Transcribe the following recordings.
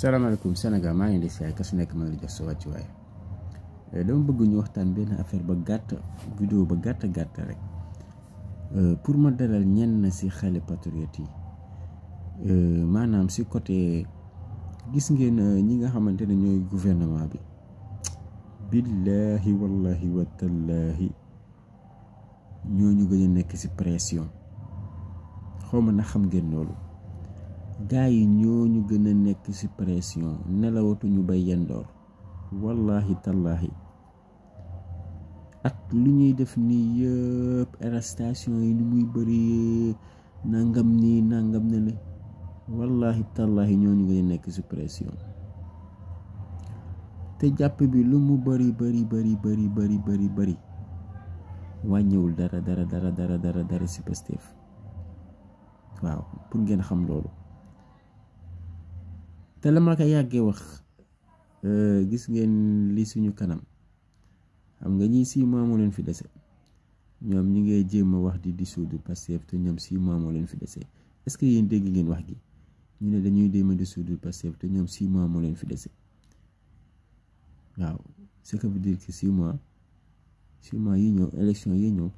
salaamaaleykum Sénégal maa ngi di siyaay ka su nekk ma ngi jox sa wàccuwaay eh, dama bëgg ñu waxtaan benn affaire ba gàtt vidéo ba gàtt gàtt rek eh, pour ma dalal ñenn ci xale patriote yi eh, maanaam ci côté gis ngeen ñi nga xamante ne ñooy gouvernement bi billaahi wallahi watallaahi ñooñu gën a nekk ci pression xaw ma na xam ngeen loolu gaa yi ñoo ñu gën a nekk ci pression nelawatuñu bay yendoor wallahi tallahi ak lu ñuy def nii yëpp arrestation yi ni muy bëri nangam nii nangam ne la wallahi tallahi ñoo ñu gën nekk ci pression te jàpp bi lu mu bëri bëri bëri bëri bëri bëri bëri wàññiwul dara dara dara dara dara ci Pastef waaw pour ngeen xam loolu te la ma ko yàggee wax euh, gis ngeen li suñu kanam xam nga ñii six mois moo leen fi dese ñoom ñi ngay jéem a wax di dissoudre Pastef te ñoom six mois moo leen fi dese est-ce que yéen dégg ngeen wax gi ñu ne dañuy jéem a dissoudre Pastef te ñoom six mois moo leen fi dese waaw ce que veut dire que six mois six mois yi ñëw élection yi ñëw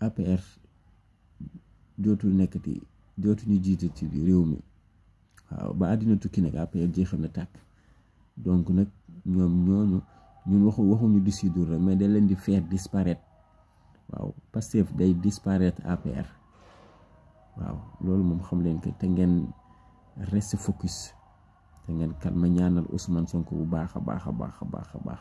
APR dootul nekkati dootuñu jiite ci réew mi. waaw ba àddina tukki nag après jeexal na tàkk donc nag ñoom ñooñu ñun waxu waxuñu dissoudre rek mais dañ leen di faire disparaître waaw Pastef day disparaître APR waaw loolu moom xam leen que te ngeen reste focus te ngeen calme ñaanal Ousmane Sonko bu baax a baax a baax a baax a baax